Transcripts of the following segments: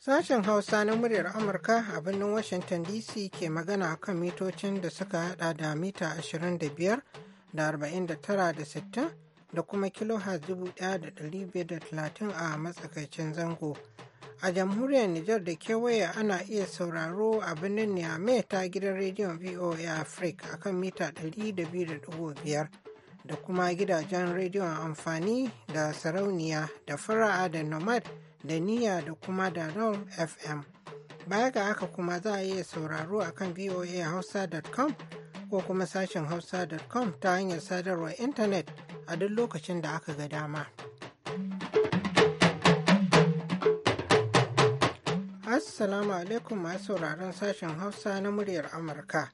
Sashen Hausa na muryar Amurka a birnin Washington DC ke magana a kan mitocin da suka hada da mita 25 da 49 da 60 da kuma kilo 1530 a matsakaicin zango. a jamhuriyar Nijar da kewaye ana iya sauraro a birnin Niamey ta gidan rediyon VOA Africa a kan mita 200.5 da kuma gidajen rediyon amfani da sarauniya da fara'a da nomad da niya da kuma da FM. Baya ga haka kuma za a iya sauraro a akan voahausa.com ko kuma sashen hausa.com ta hanyar sadarwar intanet a duk lokacin da aka ga dama. Assalamu alaikum masu sauraron sashen Hausa na muryar Amurka.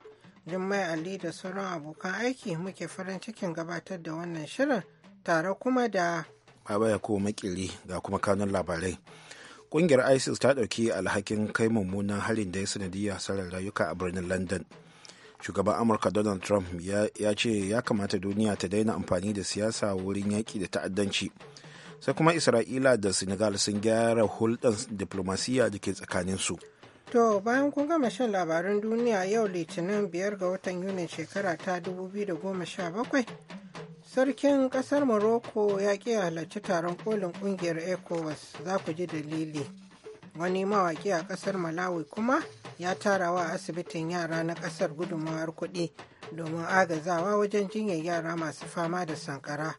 Jummai Ali da sauran abokan aiki muke farin cikin gabatar da wannan shirin tare kuma da Baba ko makili ga kuma kanun labarai. Kungiyar ISIS ta ɗauki alhakin kai mummunan harin da ya sanadiyya sarar rayuka a birnin London. Shugaban Amurka Donald Trump ya ce ya kamata duniya ta daina amfani da siyasa wurin yaƙi da ta'addanci. sai kuma isra'ila da senegal sun gyara hulɗar diplomasiya da ke tsakaninsu to bayan kun gama shan labaran duniya yau litinin biyar ga watan yunin shekara ta 2017 sarkin kasar morocco ya ki halarci taron kolin kungiyar ecowas za ku ji dalili wani mawaƙi a kasar malawi kuma ya tarawa asibitin yara na kasar gudunmawar kuɗi domin agazawa wajen jinyar yara masu fama da sankara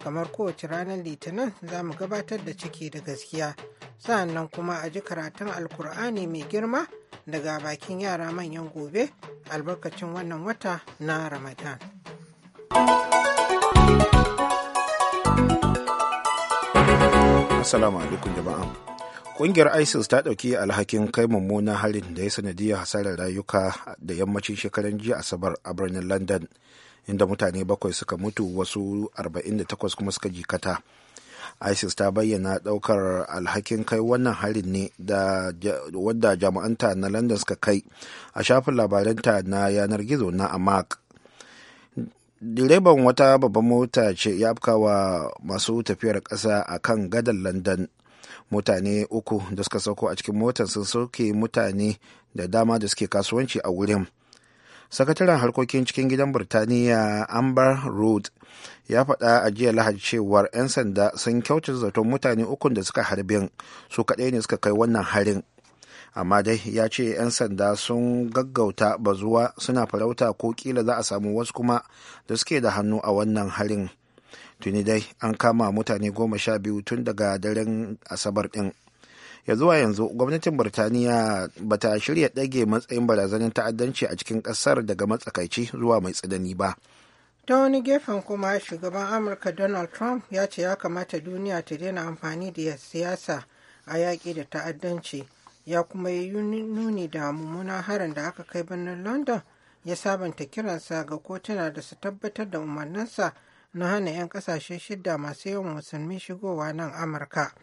kamar kowace ranar litinin za mu gabatar da ciki da gaskiya sa'annan kuma a ji karatun alkur'ani mai girma daga bakin yara manyan gobe albarkacin wannan wata na ramadan assalamu alaikum jama'a kungiyar isis ta ɗauki alhakin kai mummunan harin da ya sanadiyar hasarar rayuka da yammacin shekaran jiya asabar a birnin london inda mutane bakwai suka mutu wasu 48 kuma suka jikata isis ta bayyana daukar alhakin kai wannan harin ne da wadda jama'anta na london suka kai a shafin labaranta na yanar gizo na amak direban wata babban mota ce ya afkawa masu tafiyar kasa a kan gadan london mutane uku da suka sauko a cikin motar sun sauke mutane da dama da suke kasuwanci a wurin sakataren harkokin cikin gidan birtaniya amber road ya faɗa a jiya lahadi cewar 'yan sanda sun kyauta zaton mutane ukun da suka harbin su kaɗai ne suka kai wannan harin amma dai ya ce 'yan sanda sun gaggauta bazuwa suna farauta ko kila za a samu wasu kuma da suke da hannu a wannan harin tuni dai an kama mutane goma sha biyu tun daga daren asabar ɗin. ya zuwa yanzu gwamnatin birtaniya ba ta shirya ɗage matsayin barazanar ta'addanci a cikin ƙasar daga matsakaici zuwa mai tsanani ba ta wani gefen kuma shugaban amurka donald trump ya ce ya kamata duniya ta daina amfani da siyasa a yaƙi da ta'addanci ya kuma yi nuni da mummunan harin da aka kai birnin london ya sabanta kiransa ga kotuna da su tabbatar da umarninsa na hana 'yan kasashe shida masu yawan musulmi shigowa nan amurka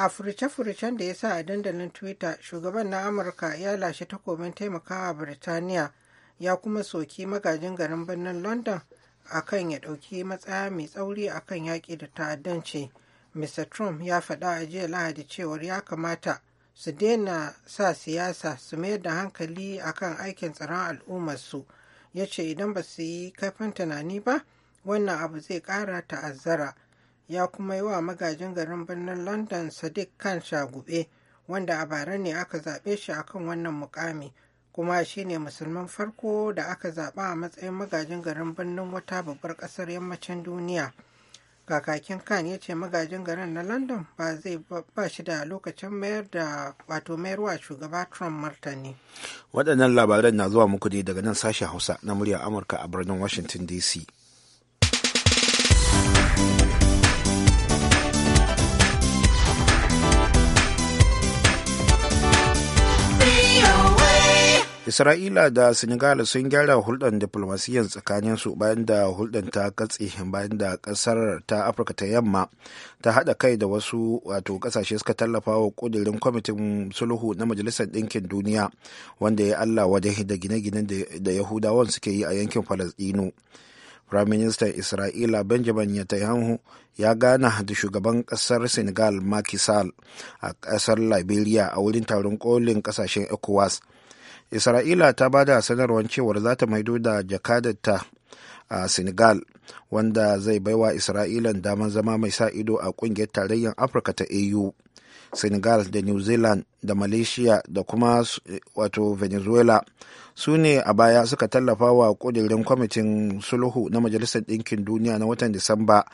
a furice-furicen da ya sa a dandalin twitter shugaban na amurka ya lashe takobin taimakawa birtaniya ya kuma soki magajin garin birnin london akan ya ɗauki matsaya mai tsauri a kan yaƙi da ta'addanci mr trump ya faɗa a jiya lahadi cewar ya kamata su daina sa siyasa su mayar da hankali akan aikin tsaron al'ummarsu ya ce idan ba su yi kaifin tunani ba wannan abu zai ƙara ta'azzara ya kuma yi wa magajin garin birnin london sadiq khan shagube wanda a bara ne aka zaɓe shi a kan wannan mukami kuma shi ne musulman farko da aka zaɓa a matsayin magajin garin birnin wata babbar ƙasar yammacin duniya kakakin khan ya ce magajin garin na london ba zai ba shi da lokacin mayar da wato mayarwa shugaba trump martani waɗannan labaran na zuwa muku ne daga nan sashen hausa na murya amurka a birnin washington dc isra'ila da senegal sun gyara hulɗar diflomasiyyar tsakaninsu bayan da hulɗar ta katse bayan da ƙasar ta afirka ta yamma ta haɗa kai da wasu wato ƙasashe suka tallafa wa ƙudurin kwamitin sulhu na majalisar ɗinkin duniya wanda ya allah wajen da gine gine da yahudawan suke yi a yankin falasɗinu firaministan isra'ila benjamin netanyahu ya gana da shugaban ƙasar senegal Macky Sall a ƙasar liberia a wurin taron kolin ƙasashen ecowas isra'ila ta ba da sanarwar cewar za ta maido da jakadarta a senegal wanda zai baiwa isra'ilan damar zama mai sa ido a kungiyar tarayyar afirka ta au senegal da new zealand da malaysia da kuma wato venezuela su ne a baya suka tallafa wa kudirin kwamitin sulhu na majalisar ɗinkin duniya na watan disamba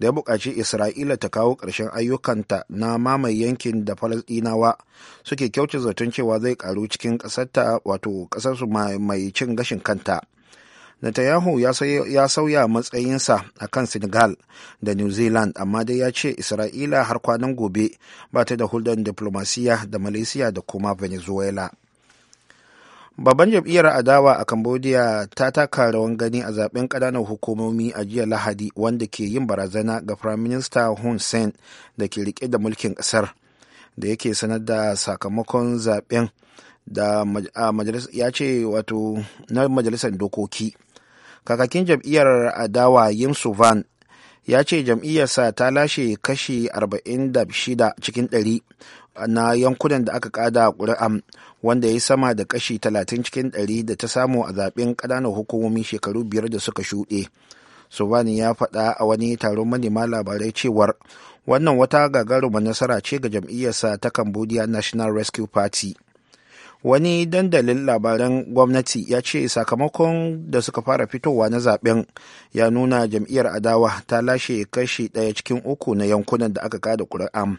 da ya buƙaci isra'ila ta kawo ƙarshen ayyukanta na mamaye yankin da falasɗinawa suke kyauce zaton cewa zai ƙaru cikin ƙasarta wato ƙasarsu mai cin gashin kanta Netanyahu ya sauya matsayinsa a kan Senegal da New Zealand amma dai ya ce Isra'ila har kwanan gobe ba ta da hulɗar diplomasiya da Malaysia da kuma Venezuela. Babban jam'iyyar adawa a Cambodia ta taka rawan gani a zaben ƙananan hukumomi a jiya Lahadi wanda ke yin barazana ga Prime Minister Hun Sen da ke rike da mulkin ƙasar da yake sanar da sakamakon zaben da ya ce wato na majalisar dokoki kakakin jam'iyyar adawa yim suvan ya ce jam'iyyarsa ta lashe kashi 46 cikin 100 na yankunan da aka kada ƙuri'an wanda ya sama da kashi 30 cikin 100 da ta samu a zaɓen ƙananan hukumomi shekaru biyar da suka shuɗe. suvan ya faɗa a wani taron manema labarai cewar wannan wata gagarumar nasara ce ga jam'iyyarsa ta Cambodia National Rescue Party. wani dandalin labaran gwamnati ya ce sakamakon da suka fara fitowa na zaben ya nuna jam'iyyar adawa ta lashe kashi daya cikin uku na yankunan da aka kada kura'a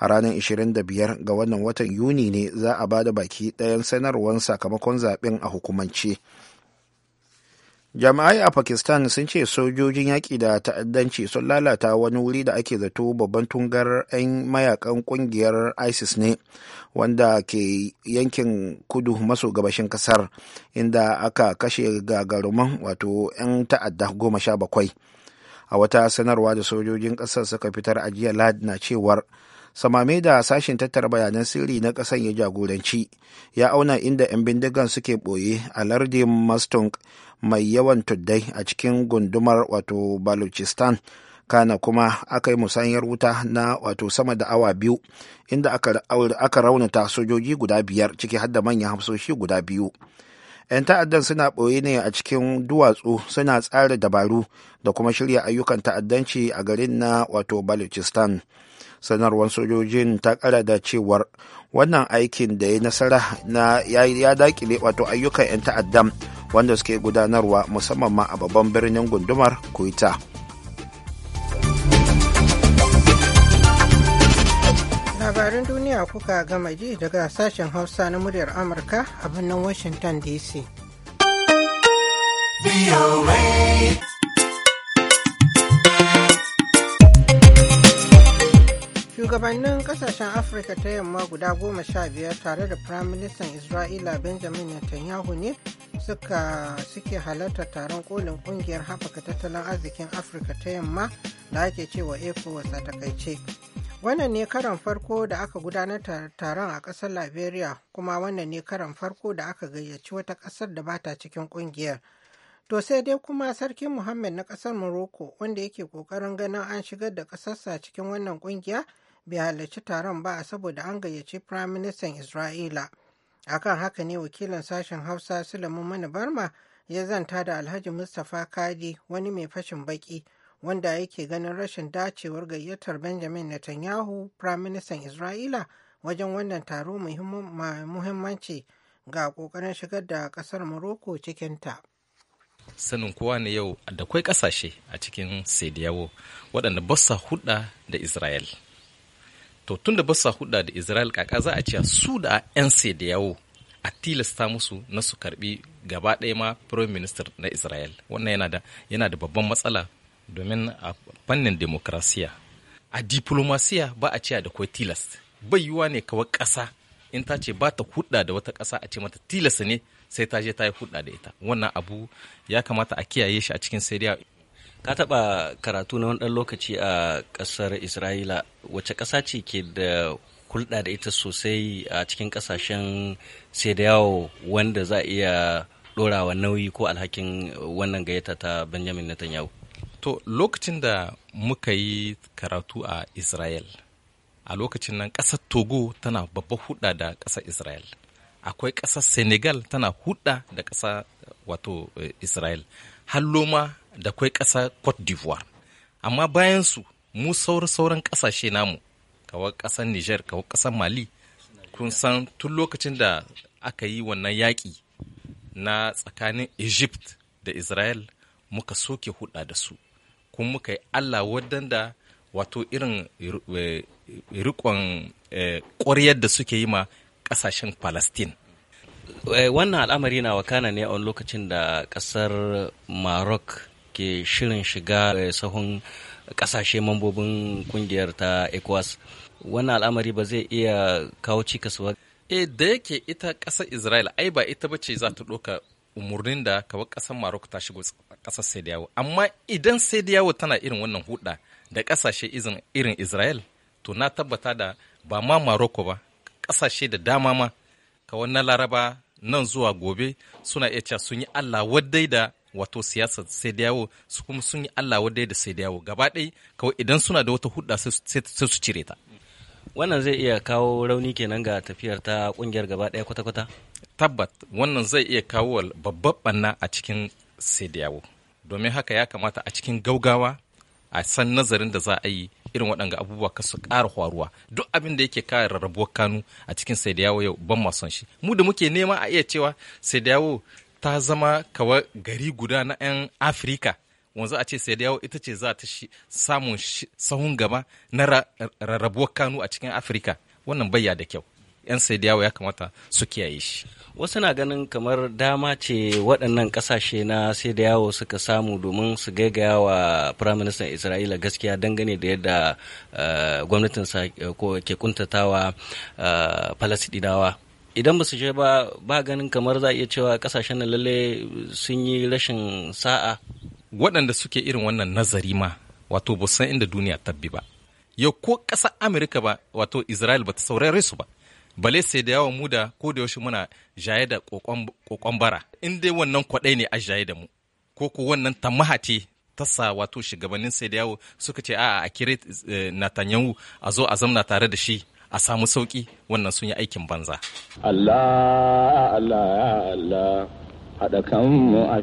a ranar 25 ga wannan watan yuni ne za a ba da baki dayan sanarwar sakamakon zaben a hukumance. jama'ai a pakistan sun ce sojojin yaƙi da ta'addanci sun lalata wani wuri da ake zato babban tungar 'yan mayakan ƙungiyar isis ne wanda ke yankin kudu maso gabashin ƙasar inda aka kashe gagaruman wato 'yan ta'adda goma sha bakwai a wata sanarwa da sojojin ƙasar suka fitar ajiya jiya lahadi na cewar samame da sashen tattara bayanan sirri na ƙasar ya jagoranci ya auna inda 'yan bindigan suke ɓoye a lardin mastunk mai yawan tuddai a cikin gundumar wato Balochistan. kana kuma aka yi musayar wuta na wato sama da awa biyu inda aka raunata sojoji guda biyar ciki har da manyan hafsoshi guda biyu 'yan ta'addan suna ɓoye ne a cikin duwatsu suna tsara dabaru da kuma shirya ayyukan ta'addanci a garin na wato balochistan sanarwar sojojin ta kara da cewar wannan aikin da ya nasara na ya dakile wato ayyukan 'yan ta'addan wanda suke gudanarwa musamman ma a babban birnin gundumar kuita labarin duniya kuka gama ji daga sashen hausa na muryar amurka a birnin washington dc shugabannin kasashen afirka ta yamma guda goma sha biyar tare da firaministan isra'ila benjamin netanyahu ne suka suke halartar taron kolin kungiyar haɓaka tattalin arzikin afirka ta yamma da ake cewa ecowas a takaice wannan ne karan farko da aka gudanar taron a ƙasar liberia kuma wannan ne karan farko da aka gayyaci wata ƙasar da bata cikin kungiyar to sai dai kuma sarki muhammad na ƙasar morocco wanda yake ƙoƙarin ganin an shigar da ƙasarsa cikin wannan kungiya bai halarci taron ba saboda an gayyaci firaministan isra'ila akan haka ne wakilin sashen hausa sulaiman mana barma ya zanta da alhaji mustapha kadi wani mai fashin baki wanda yake ganin rashin dacewar gayyatar benjamin netanyahu prime minister isra'ila wajen wannan taro muhimmanci ga kokarin shigar da kasar morocco cikinta sanin kowa ne yau da kwai kasashe a cikin sediyawo waɗanda ba sa hulɗa da israel to tun da basa huda da israel kaka za a cewa su da 'yan sai da yawo a tilasta musu na su karbi gaba ɗaya ma prime minister na israel wannan yana da yana da babban matsala domin a fannin demokrasiya a diplomasiya ba a cewa da kai tilas bai yiwuwa ne kawai ƙasa in ta ce ba ta hudda da wata ƙasa a ce mata tilasta ne sai ta je ta yi hudda da ita wannan abu ya kamata a kiyaye shi a cikin sai ka taɓa karatu na wani ɗan lokaci a ƙasar isra'ila wace ƙasa ce ke da hulɗa da ita sosai a cikin ƙasashen sai da yawo wanda za a iya ɗorawa nauyi ko alhakin wannan gayyata ta benjamin netanyahu to lokacin da muka yi karatu a israel a lokacin nan ƙasar togo tana babba hudda da ƙasar israel akwai ƙasar senegal tana hudda da ƙasa wato eh, israel har da kwai ƙasa cote d'ivoire amma bayan su mu sauran sauran ƙasashe namu kawai ƙasar niger kawai ƙasar mali kun san tun lokacin da aka yi wannan yaƙi na tsakanin egypt da israel muka soke huɗa da su kun muka yi allah waɗanda wato irin eh, rikon eh, ƙwaryar da suke yi ma ƙasashen palestine eh, wannan al'amari na wakana ne a lokacin da ƙasar maroc ke shirin shiga sahun kasashe mambobin kungiyar ta ecowas wannan al'amari ba zai iya kawo cikas ba e da yake ita ƙasar israel ai ba ita bace za ta ɗauka umarnin da kawai ƙasar maroc ta shigo ƙasar sai amma idan sai tana irin wannan huɗa da ƙasashe irin israel to na tabbata da ba ma Maroc ba ƙasashe da dama ma kawai na laraba nan zuwa gobe suna iya cewa sun yi allah waddai da wato siyasar sai da yawo su kuma sun yi Allah wadda da sai da gaba ɗai kawai idan suna da wata hudda sai su cire ta wannan zai iya kawo rauni kenan ga tafiyar ta kungiyar gaba ɗaya kwata-kwata tabbat wannan zai iya kawo babban banna a cikin sai da domin haka ya kamata a cikin gaugawa a san nazarin da za a yi irin waɗanga abubuwa ka su ƙara faruwa duk abin da yake kawo rarrabuwar kanu a cikin sai da yau ban ma son shi mu da muke nema a iya cewa sai da ta zama kawa gari guda na 'yan afirka wanzu a ce sai da yawo ita ce za ta samun sahun gaba na rarrabuwar kanu a cikin afirka wannan bayya da kyau 'yan sai da ya kamata su kiyaye shi wasu na ganin kamar dama ce waɗannan ƙasashe na sai da yawo suka samu domin su gaigaya wa firaministan isra'ila gaskiya dangane da yadda eh, gwamnatinsa ke kuntatawa eh, falasɗinawa idan ba su je ba ba ganin kamar za a iya cewa kasashen nan lalle sun yi rashin sa'a waɗanda suke irin wannan nazari ma wato ba san inda duniya tabbi ba ya ko ƙasa amurka ba wato israel ba ta saurare su ba bale sai da yawan mu da ko da yaushe muna jaye da kokon bara in dai wannan kwaɗai ne a jaye da mu ko ko wannan tamaha ce ta wato shugabannin sai da yawo suka ce a'a a kire eh, natanyahu a zo a zamna tare da shi a samu sauki wannan sun yi aikin banza. Allah Allah Allah haɗa kanmu a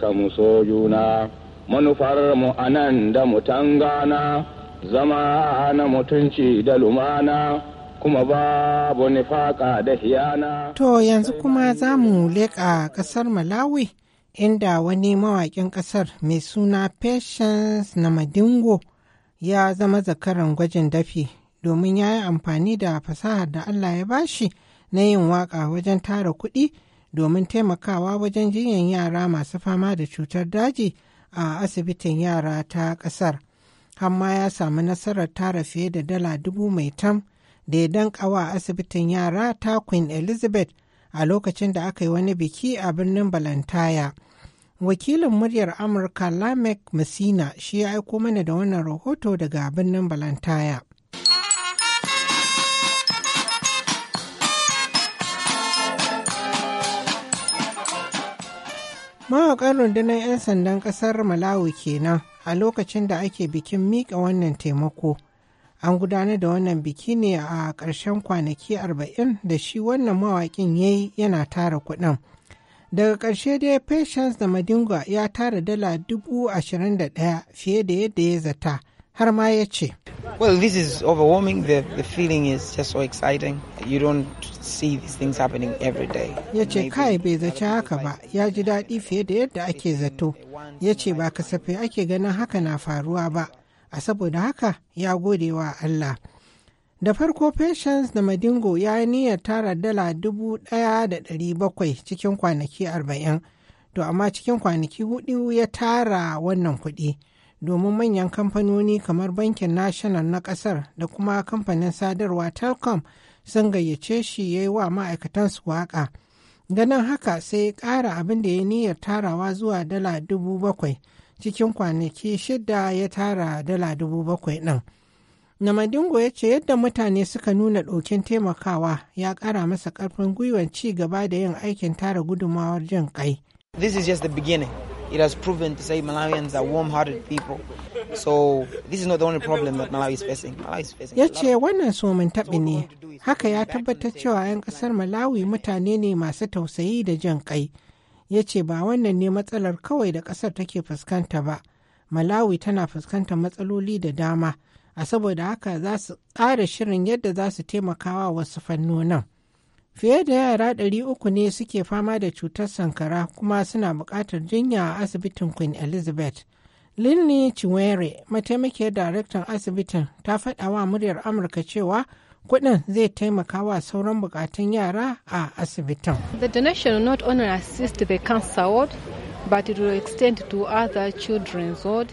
kanmu so juna manufar mu anan da mu gana zama na mutunci da lumana kuma babu nifaka da hiyana. To yanzu kuma za mu leƙa ƙasar Malawi inda wani mawaƙin ƙasar mai suna Patience na Madingo ya zama zakaran gwajin dafi domin ya yi amfani da fasahar da Allah ya bashi na yin waƙa wajen tara kuɗi domin taimakawa wajen jinyan yara masu fama da cutar daji a asibitin yara ta ƙasar. Hamma ya samu nasarar tara fiye da dala dubu mai tam da ya danƙawa asibitin yara ta Queen Elizabeth a lokacin da aka yi wani biki a birnin Balantaya. Wakilin muryar Amurka Lamek Masina shi ya aiko mana da wannan rahoto daga birnin Balantaya. mawaƙan rundunar 'yan sandan ƙasar malawi kenan a lokacin da ake bikin miƙa wannan taimako an gudanar da wannan biki ne a ƙarshen kwanaki arba'in da shi wannan mawaƙin ya yi yana tara kuɗin daga ƙarshe dai patience da madinga ya tara dala dubu ashirin da ɗaya fiye da yadda ya zata har ma ya ce Well, this is overwhelming. The, the feeling is just so exciting. You don't see these things happening every day. Ya ce kai bai zaci haka ba, ya ji daɗi fiye da yadda ake zato. Ya ce ba kasafai ake ganin haka na faruwa ba, a saboda haka ya gode wa Allah. Da farko Patience da Madingo ya niyyar tara dala dubu ɗaya da ɗari bakwai cikin kwanaki arba'in, to amma cikin kwanaki hudu ya tara wannan kuɗi. domin manyan kamfanoni kamar bankin national na kasar da kuma kamfanin sadarwa telcom sun gayyace shi ya yi wa ma'aikatansu waka ganin haka sai ya ƙara abin da ya niyyar tarawa zuwa dala dubu bakwai cikin kwanaki shida ya tara dala dubu bakwai ɗin namadingo ya ce yadda mutane suka nuna ɗokin taimakawa ya ƙara masa ƙarfin gwiwar ci gaba da yin aikin tara gudunmawar jin ƙai this is just it has proven to say Malawians are warm-hearted people. So this is not the only problem that Malawi is facing. Malawi is facing. Ya ce wannan mun taɓi ne, haka ya tabbatar cewa 'yan ƙasar Malawi mutane ne masu tausayi da jan ƙai. Ya ce ba wannan ne matsalar kawai da ƙasar take fuskanta ba. Malawi tana fuskantar matsaloli da dama, a saboda haka za su tsara shirin yadda za su taimakawa wasu fannonin. Fiye da yara ɗari uku ne suke fama da cutar sankara kuma suna buƙatar jinya a asibitin Queen Elizabeth. Lilly Chiwere, mataimakiyar daraktan asibitin, ta faɗa wa muryar Amurka cewa kuɗin zai taimaka wa sauran bukatun yara a asibitin. The donation will not only assist the cancer ward, but it will extend to other children's ward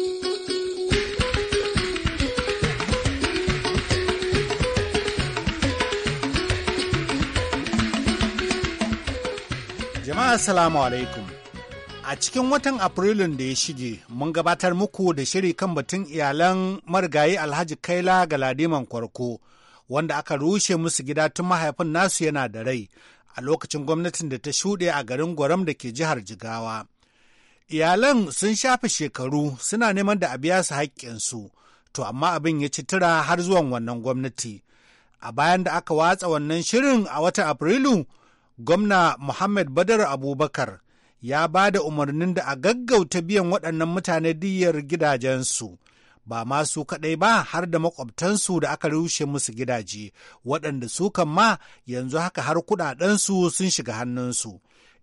Jama'a salamu alaikum. A cikin watan Afrilun da ya shige, mun gabatar muku da shiri kan batun iyalan marigayi Alhaji Kaila ga Ladiman Kwarko, wanda aka rushe musu gida tun mahaifin nasu yana da rai a lokacin gwamnatin da ta shuɗe a garin Gwaram da ke jihar Jigawa. Iyalan sun shafe shekaru suna neman da a biya su haƙƙinsu, to amma abin ya ci tura har zuwan wannan gwamnati. A bayan da aka watsa wannan shirin a watan Afrilu, gwamna Muhammad Badar Abubakar ya ba da umarnin da a gaggauta biyan waɗannan mutane diyar gidajensu. Ba masu kaɗai ba har da makwabtansu da aka rushe musu gidaje, waɗanda su kan ma yanzu haka har kuɗaɗensu sun shiga hannunsu.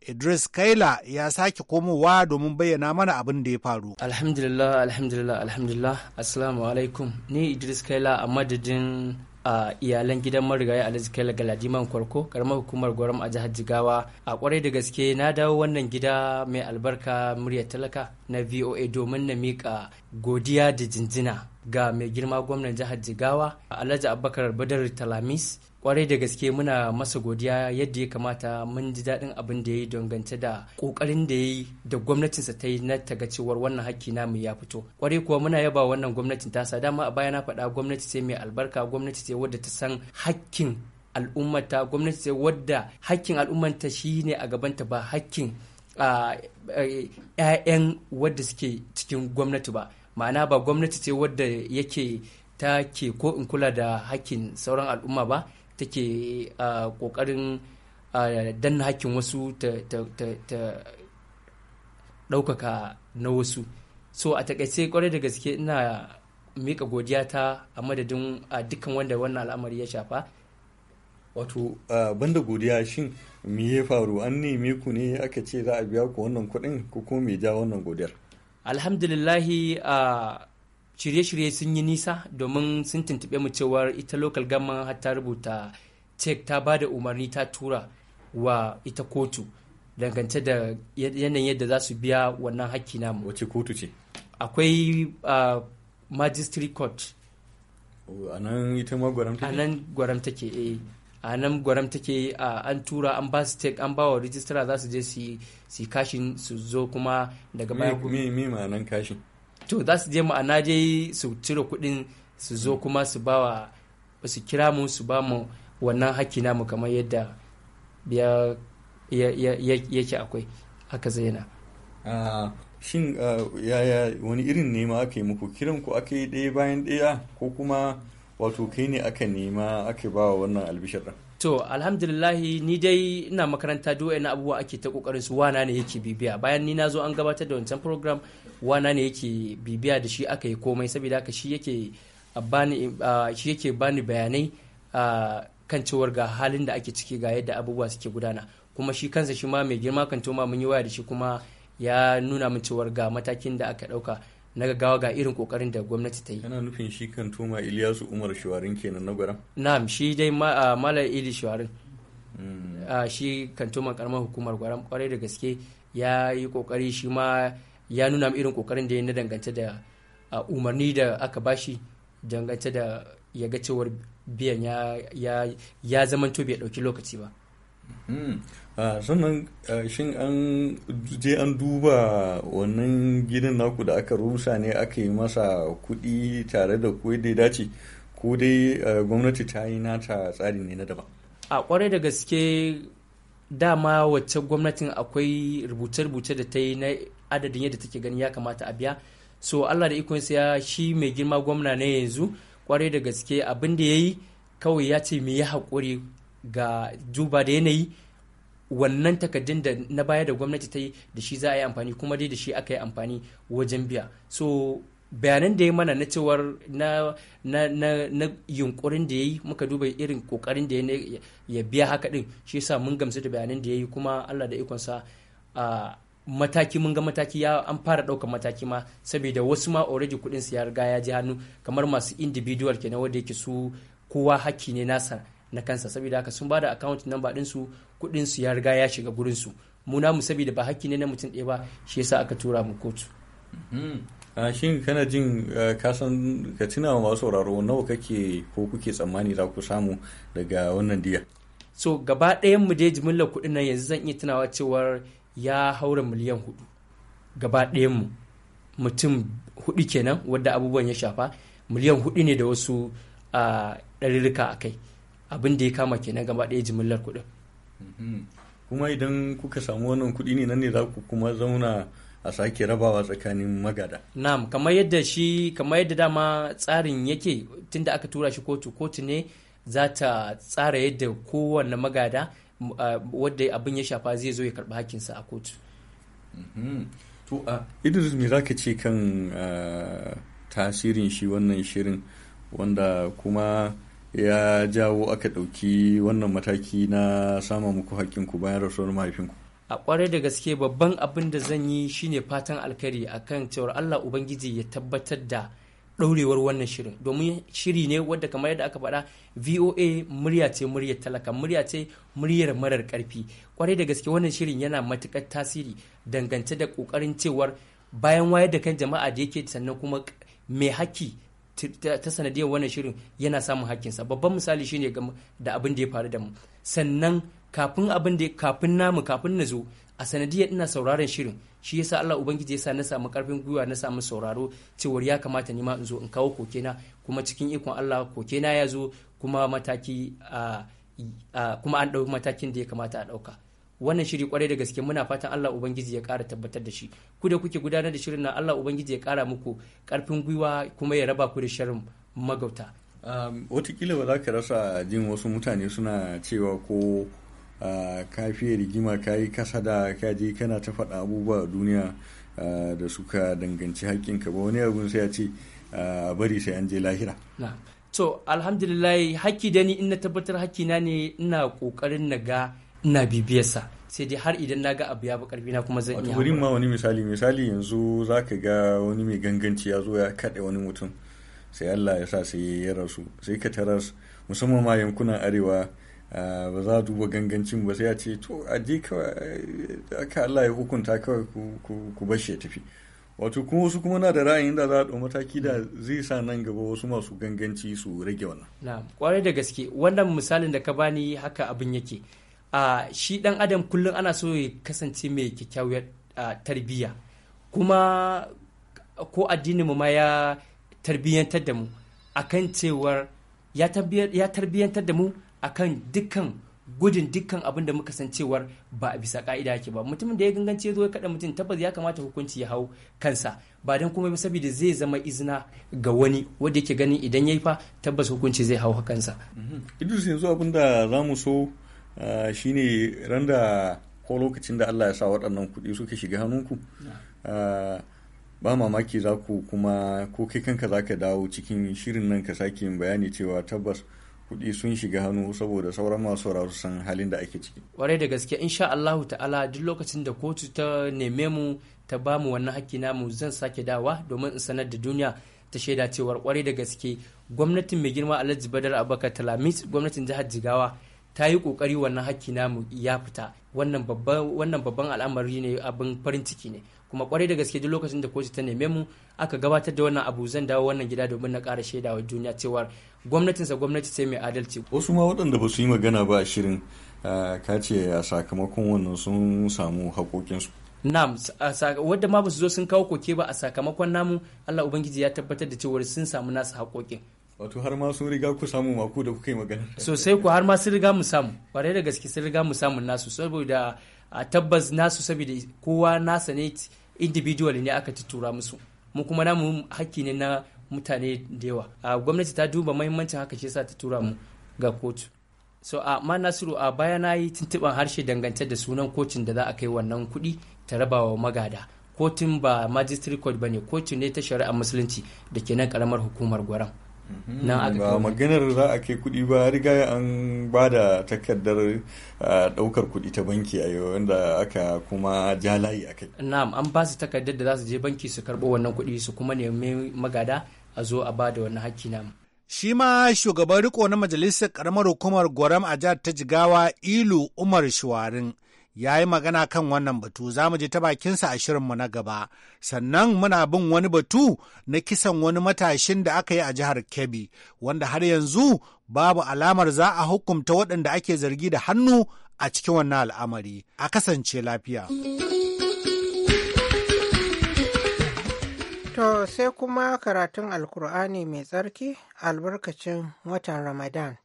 Idris Kaila ya sake komowa domin bayyana mana abin da ya faru. Alhamdulillah, alhamdulillah, alhamdulillah, Assalamu alaikum. Ni Idris Kaila a madadin a iyalan gidan marigayi alhaji kaila galadiman kwarko karamar hukumar gwaram a jihar jigawa a kwarai da gaske na dawo wannan gida mai albarka muryar talaka na voa domin na mika godiya da jinjina ga mai girma gwamnan jihar jigawa a alhaji abubakar badar talamis kwarai da gaske muna masa godiya yadda ya kamata mun ji daɗin abin da ya yi dangance da ƙoƙarin da ya yi da gwamnatinsa ta yi na taga cewar wannan hakki namu ya fito kwarai kuwa muna yaba wannan gwamnatin tasa dama a baya na faɗa gwamnati ce mai albarka gwamnati ce wadda ta san hakkin al'ummata gwamnati ce wadda hakkin al'ummata shine a gabanta ba hakkin ƴaƴan wadda suke cikin gwamnati ba ma'ana ba gwamnati ce wadda yake ta ke ko in kula da hakkin sauran al'umma ba take uh, kokarin uh, danna hakkin wasu ta ɗaukaka na wasu so a takaice kwarai da gaske ina mika godiya ta a madadin uh, dukkan wanda wannan al'amari ya shafa wato banda godiya shin me ya faru an neme ku ne aka ce za a biya ku wannan kuɗin ko kuma me ja wannan godiyar alhamdulillahi shirye-shirye sun yi nisa domin sun tuntube mu cewar ita local government har ta rubuta cek ta ba da umarni ta tura wa ita kotu dangance da yanayin yadda za su biya wannan hakki namu wace kotu ce akwai magistrate court a nan ita ma gwaram take a nan gwaram take eh a nan gwaram take an tura an ba su tek an ba wa registrar za su je su kashin su zo kuma daga baya me me nan kashin to za su je ma'ana dai su cire kuɗin su zo mm. kuma su wa su kira mu su ba mu wannan haƙƙi namu kamar yadda yake akwai haka zaina ah, shin ah, yaya wani irin nema aka yi muku kiran ku aka yi ɗaya bayan ɗaya ko kuma wato kai ne aka nema aka ba wa wannan albishar to alhamdulillahi ni dai ina makaranta duk na abubuwa ake ta kokarin su wana ne yake bibiya bayan ni na zo an gabatar da wancan program wana ne yake bibiya da shi aka yi komai saboda haka shi yake bani shi yake bani bayanai kan cewar ga halin da ake ciki ga yadda abubuwa suke gudana kuma shi kansa shi ma mai girma kan to ma mun yi waya da shi kuma ya nuna min cewar ga matakin da aka dauka na gaggawa ga irin kokarin da gwamnati ta yi kana nufin shi kan tuma iliyasu umar shawarin kenan na gwara na'am shi dai ah, malam ili shawarin hmm. ah, shi kan tuma karamar hukumar gwaram kwarai da gaske ya yi kokari shi ma ya nuna irin kokarin da ya na dangance da ah, umarni da aka bashi dangance da ya ga cewar biyan ya zamanto bai dauki lokaci ba Hmm. Ah, sannan ah, shin an je an duba wannan gidan naku da aka rusa ne aka yi masa kudi tare da ku da dace ko dai ah, gwamnati ta yi nata tsari ne na daban a kwarai da gaske dama wacce gwamnatin akwai rubuce-rubuce da ta yi na adadin yadda take gani ya kamata a biya so allah da ikon ya shi mai girma gwamna na yanzu kwarai da gaske abin da ya yi kawai ya ce me ya haƙuri ga duba da yanayi wannan takaddun da na baya da gwamnati ta yi da shi za a yi amfani kuma dai da shi aka yi amfani wajen biya so bayanan da ya mana na cewar na, yunkurin da ya yi muka duba irin kokarin da ya biya haka din shi yasa mun gamsu da bayanan da ya yi kuma allah da ikonsa a mataki mun ga mataki ya an fara ɗaukar mataki ma saboda wasu ma already kuɗin su ya riga ya ji hannu kamar masu individual kenan wanda yake su kowa hakki ne nasa na kansa saboda haka sun bada account number din su kudin su ya riga ya shiga gurin su mu namu saboda ba hakki ne na mutum ɗaya ba shi yasa aka tura mu kotu hmm. a shin kana jin ka san ka tuna wa masu sauraro nawa kake ko kuke tsammani za ku samu daga wannan diya so gaba ɗayan mu dai jimillar kuɗin nan yanzu zan iya tunawa cewar ya haura miliyan hudu gaba ɗayan mu mutum hudu kenan wadda abubuwan ya shafa miliyan hudu ne da wasu ɗarirrika a kai abin da ya kama kenan gaba ɗaya jimillar kuɗin mhm. kuma idan kuka samu wannan kuɗi ne nan ne za ku kuma zauna a sake rabawa tsakanin magada na'am kamar yadda shi kamar yadda dama tsarin yake tunda aka tura shi kotu kotu ne za ta tsara yadda kowanne magada wadda abin ya shafa zai zo ya karɓi hakinsa a kotu mhm. to a idris me za ka ce kan tasirin shi wannan shirin wanda kuma ya jawo aka ɗauki wannan mataki na sama muku hakkinku bayan rasuwar mahaifinku a kwarai da gaske babban abin da zan yi shine fatan alkari akan cewar Allah ubangiji ya tabbatar da ɗaurewar wannan shirin domin shiri ne wadda kamar yadda aka faɗa voa murya ce muryar talaka murya ce muryar marar ƙarfi kwarai da gaske wannan shirin yana matuƙar tasiri dangance da ƙoƙarin cewar bayan wayar da kan jama'a da yake sannan kuma mai haki ta sanadiyar wannan shirin yana samun hakkinsa babban misali shine da abin da ya faru da mu sannan kafin abin da kafin namu kafin na zo a sanadiyar ina sauraron shirin shi yasa Allah ubangiji yasa na samu karfin gwiwa na samu sauraro cewar ya kamata ni ma in zo in kawo kokena kuma cikin ikon Allah kokena ya zo kuma mataki a kuma an ɗauki matakin da ya kamata a ɗauka wannan shiri kwarai da gaske muna fatan Allah ubangiji ya kara tabbatar da shi ku da kuke gudanar da shirin na Allah ubangiji ya kara muku karfin gwiwa kuma ya raba ku da sharrin magauta um, watakila ba za ka rasa jin wasu mutane suna cewa ko uh, ka fiye rigima ka yi kasa da ka je kana ta faɗa abubuwa duniya uh, da suka danganci haƙƙinka ba wani abun sai ya ce uh, a bari sai an je lahira to alhamdulillah haƙƙi da ni in na tabbatar haƙƙina ne ina ƙoƙarin na ga ina bibiyarsa sai dai har idan na ga abu ya bi karfi na kuma zan iya wurin ma wani misali misali yanzu zaka ga wani mai ganganci ya zo ya kaɗe wani mutum sai Allah ya sa sai ya rasu sai ka taras musamman ma yankunan arewa ba za a duba gangancin ba sai a ce to a je aka Allah ya hukunta kawai ku bashi ya tafi wato kuma wasu kuma na da ra'ayin da za a ɗau mataki da zai sa nan gaba wasu masu ganganci su rage wannan. na kwarai da gaske wannan misalin da ka bani haka abin yake shi ɗan adam kullum ana so ya kasance mai kyakkyawar tarbiyya kuma ko addinin mu ma ya tarbiyyantar da mu akan cewar ya tarbiyyantar da mu akan dukkan gudun dukkan abin da muka san cewar ba a bisa ka'ida yake ba mutumin da ya gangance zo ya kada mutum tabbas ya kamata hukunci ya hau kansa ba dan kuma saboda zai zama izina ga wani wanda yake ganin idan yayi fa tabbas hukunci zai hau kansa mhm. Idris yanzu abin da za mu so Ah, shine ran da ko lokacin da Allah ya sa waɗannan kuɗi suka shiga hannunku ah, ba mamaki za ku kuma ko kai kanka za ka dawo cikin shirin nan ka sake yin bayani cewa tabbas kuɗi sun shiga hannu saboda sauran masu sauraro san halin da ake ciki. Kwarai da gaske insha Allahu ta'ala duk lokacin da kotu ta neme mu ta ba mu wannan haƙƙi mu zan sake dawa domin in sanar da duniya ta shaida cewar kwarai da gaske gwamnatin mai girma Alhaji Badar Abubakar Talamis gwamnatin jihar Jigawa ta yi kokari wannan hakki namu ya fita wannan babban al'amari ne abin farin ciki ne kuma kwarai da gaske duk lokacin da kotu ta neme mu aka gabatar da wannan abu zan dawo wannan gida domin na ƙara shaida wa duniya cewar gwamnatinsa gwamnati sai mai adalci wasu ma waɗanda ba su yi magana ba a shirin ka ce a sakamakon wannan sun samu haƙoƙinsu nam wadda ma ba su zo sun kawo koke ba a sakamakon namu Allah Ubangiji ya tabbatar da cewa sun samu nasu haƙoƙin. wato har ma sun riga ku samu maku da kuka yi magana sosai ku har ma sun riga mu samu kwarai da gaske sun riga mu samu nasu saboda a tabbas nasu saboda kowa nasa ne individual ne aka tura musu mu kuma namu hakki ne na mutane da yawa a gwamnati ta duba mahimmancin haka shi sa ta tura mu ga kotu so a ma nasiru a baya na yi tuntuɓan harshe dangance da sunan kotun da za a kai wannan kuɗi ta rabawa magada kotun ba magistrate court ba ne kotun ne ta shari'ar musulunci da ke nan karamar hukumar gwaram Mhm. ba maganar za a kai kuɗi ba riga an ba da takardar ɗaukar kuɗi ta banki a yau wanda aka kuma ja layi a kai na'am an ba su takardar da za su je banki su karɓo wannan kuɗi su kuma nemi magada a zo a ba da wannan hakki na Shi ma shugaban riko na majalisar karamar hukumar goram a jihar ta Jigawa Ilu Umar Shuwarin ya yi magana kan wannan batu za mu je ta bakinsa a shirinmu na gaba sannan muna bin wani batu na kisan wani matashin da aka yi a jihar kebbi wanda har yanzu babu alamar za a hukumta waɗanda ake zargi da hannu a cikin wannan al'amari a kasance lafiya. To sai kuma karatun Alkur'ani mai tsarki albarkacin watan Ramadan.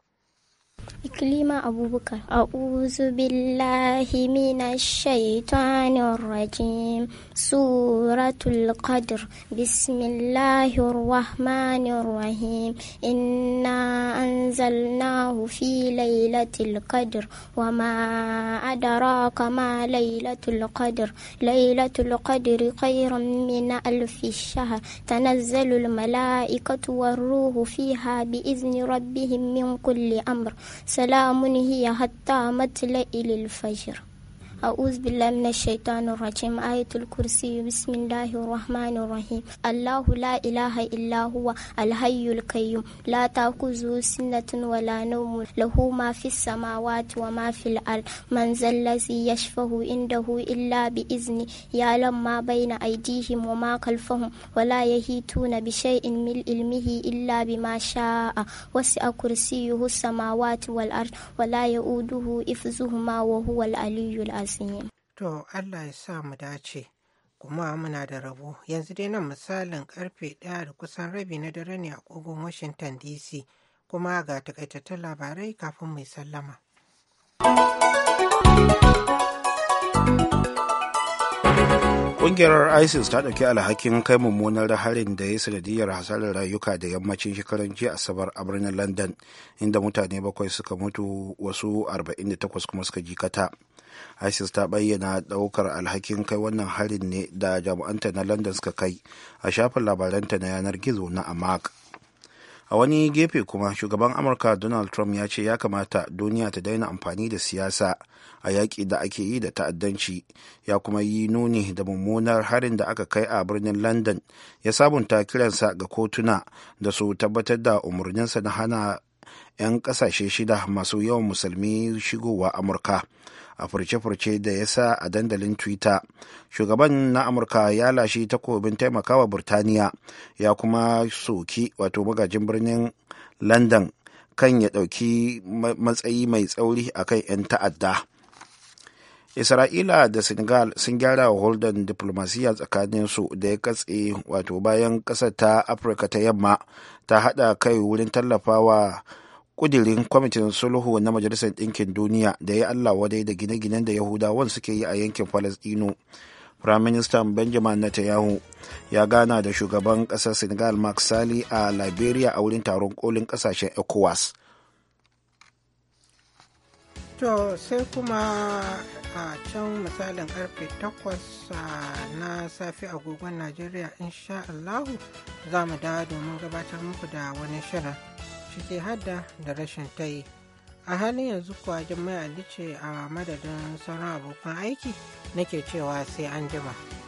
إكليما أبو بكر أعوذ بالله من الشيطان الرجيم سورة القدر بسم الله الرحمن الرحيم إنا أنزلناه في ليلة القدر وما أدراك ما ليلة القدر ليلة القدر خير من ألف الشهر تنزل الملائكة والروح فيها بإذن ربهم من كل أمر سلام هي حتى مطلع الفجر أعوذ بالله من الشيطان الرجيم آية الكرسي بسم الله الرحمن الرحيم الله لا إله إلا هو الحي القيوم لا تأخذه سنة ولا نوم له ما في السماوات وما في الأرض من ذا الذي يشفه عنده إلا بإذنه يعلم ما بين أيديهم وما خلفهم ولا يهيتون بشيء من علمه إلا بما شاء وسع كرسيه السماوات والأرض ولا يؤوده إفزهما وهو العلي العظيم sun yi to allah ya sa mu dace kuma muna da rabo yanzu dai nan misalin karfe ɗaya da kusan rabi na dare ne a kogon washington dc kuma ga takaitattun labarai kafin mai sallama Ƙungiyar ISIS ta ɗauki alhakin kai mummunar harin da ya sanadiyar hasarar rayuka da yammacin shekaran jiya Asabar a birnin London, inda mutane bakwai suka mutu wasu 48 kuma suka jikata. isis ta bayyana daukar alhakin kai wannan harin ne da jami'anta na london suka kai a shafin labaranta na yanar gizo na amak a wani gefe kuma shugaban amurka donald trump ya ce ya kamata duniya ta daina amfani da siyasa a yaƙi da ake yi da ta'addanci ya kuma yi nuni da mummunar harin da aka kai a birnin london ya sabunta kiransa ga kotuna da su tabbatar da umarninsa na hana 'yan ƙasashe shida masu yawan musulmi shigowa amurka a furce-furce da ya sa a dandalin twitter shugaban na amurka ya lashe takobin taimakawa burtaniya ya kuma soki wato magajin birnin london kan ya dauki matsayi mai tsauri a kan 'yan ta'adda isra'ila da senegal sun gyara wa holden diplomasiya tsakaninsu da ya katse wato bayan ƙasar ta afirka ta yamma ta haɗa kai wurin tallafawa kudirin kwamitin sulhu na majalisar ɗinkin duniya da ya allah wadai da gine-ginen da yahudawan suke yi a yankin prime firaministan benjamin netanyahu ya gana da shugaban ƙasar senegal mark sali a liberia a wurin taron kolin ƙasashen ecowas to sai kuma a can misalin karfe 8 na safe agogon najeriya insha allahu za mu dawo domin gabatar muku da wani shirin ciki hadda da rashin ta yi a halin yanzu kuwa jimai ce a madadin sauran abokan aiki nake cewa sai an jima.